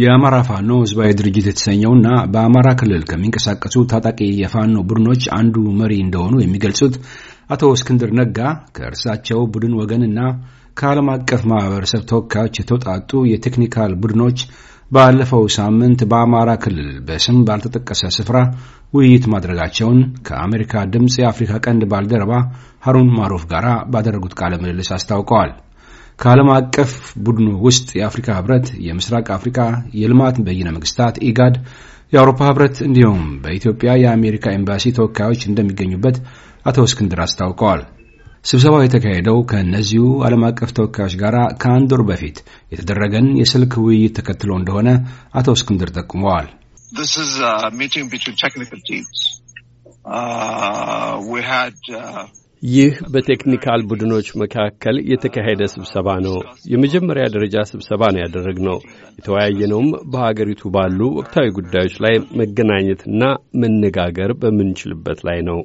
የአማራ ፋኖ ህዝባዊ ድርጅት የተሰኘውና በአማራ ክልል ከሚንቀሳቀሱ ታጣቂ የፋኖ ቡድኖች አንዱ መሪ እንደሆኑ የሚገልጹት አቶ እስክንድር ነጋ ከእርሳቸው ቡድን ወገንና ከዓለም አቀፍ ማህበረሰብ ተወካዮች የተውጣጡ የቴክኒካል ቡድኖች ባለፈው ሳምንት በአማራ ክልል በስም ባልተጠቀሰ ስፍራ ውይይት ማድረጋቸውን ከአሜሪካ ድምፅ የአፍሪካ ቀንድ ባልደረባ ሀሩን ማሩፍ ጋር ባደረጉት ቃለ ምልልስ አስታውቀዋል። ከዓለም አቀፍ ቡድኑ ውስጥ የአፍሪካ ህብረት፣ የምስራቅ አፍሪካ የልማት በይነ መንግስታት ኢጋድ፣ የአውሮፓ ህብረት እንዲሁም በኢትዮጵያ የአሜሪካ ኤምባሲ ተወካዮች እንደሚገኙበት አቶ እስክንድር አስታውቀዋል። ስብሰባው የተካሄደው ከእነዚሁ ዓለም አቀፍ ተወካዮች ጋር ከአንድ ወር በፊት የተደረገን የስልክ ውይይት ተከትሎ እንደሆነ አቶ እስክንድር ጠቁመዋል። ይህ በቴክኒካል ቡድኖች መካከል የተካሄደ ስብሰባ ነው። የመጀመሪያ ደረጃ ስብሰባ ነው ያደረግነው። የተወያየነውም በሀገሪቱ ባሉ ወቅታዊ ጉዳዮች ላይ መገናኘትና መነጋገር በምንችልበት ላይ ነው።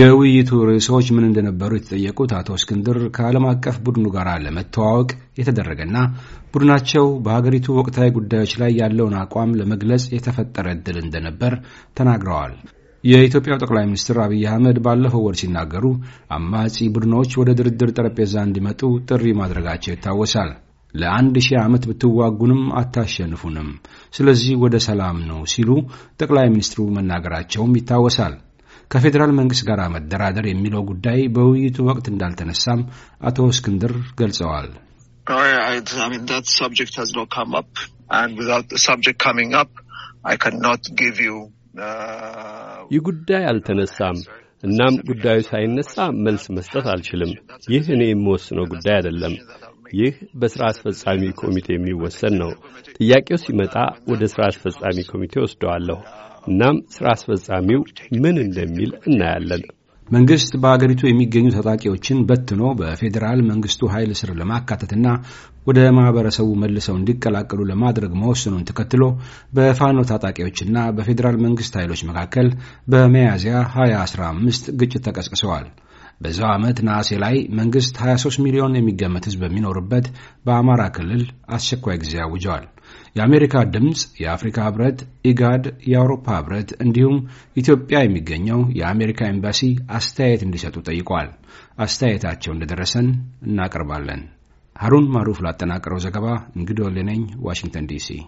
የውይይቱ ርዕሶች ምን እንደነበሩ የተጠየቁት አቶ እስክንድር ከዓለም አቀፍ ቡድኑ ጋር ለመተዋወቅ የተደረገና ቡድናቸው በሀገሪቱ ወቅታዊ ጉዳዮች ላይ ያለውን አቋም ለመግለጽ የተፈጠረ እድል እንደነበር ተናግረዋል። የኢትዮጵያው ጠቅላይ ሚኒስትር አብይ አህመድ ባለፈው ወር ሲናገሩ አማጺ ቡድኖች ወደ ድርድር ጠረጴዛ እንዲመጡ ጥሪ ማድረጋቸው ይታወሳል። ለአንድ ሺህ ዓመት ብትዋጉንም አታሸንፉንም፣ ስለዚህ ወደ ሰላም ነው ሲሉ ጠቅላይ ሚኒስትሩ መናገራቸውም ይታወሳል። ከፌዴራል መንግሥት ጋር መደራደር የሚለው ጉዳይ በውይይቱ ወቅት እንዳልተነሳም አቶ እስክንድር ገልጸዋል። ይህ ጉዳይ አልተነሳም። እናም ጉዳዩ ሳይነሳ መልስ መስጠት አልችልም። ይህ እኔ የምወስነው ጉዳይ አይደለም። ይህ በሥራ አስፈጻሚ ኮሚቴ የሚወሰን ነው። ጥያቄው ሲመጣ ወደ ሥራ አስፈጻሚ ኮሚቴ ወስደዋለሁ። እናም ሥራ አስፈጻሚው ምን እንደሚል እናያለን። መንግስት በአገሪቱ የሚገኙ ታጣቂዎችን በትኖ በፌዴራል መንግስቱ ኃይል ስር ለማካተትና ወደ ማህበረሰቡ መልሰው እንዲቀላቀሉ ለማድረግ መወሰኑን ተከትሎ በፋኖ ታጣቂዎችና በፌዴራል መንግስት ኃይሎች መካከል በሚያዝያ 2015 ግጭት ተቀስቅሰዋል። በዛው ዓመት ነሐሴ ላይ መንግሥት 23 ሚሊዮን የሚገመት ሕዝብ በሚኖርበት በአማራ ክልል አስቸኳይ ጊዜ አውጀዋል። የአሜሪካ ድምፅ፣ የአፍሪካ ህብረት፣ ኢጋድ፣ የአውሮፓ ህብረት እንዲሁም ኢትዮጵያ የሚገኘው የአሜሪካ ኤምባሲ አስተያየት እንዲሰጡ ጠይቋል። አስተያየታቸው እንደደረሰን እናቀርባለን። ሀሩን ማሩፍ ላጠናቀረው ዘገባ እንግዶ ሌነኝ ዋሽንግተን ዲሲ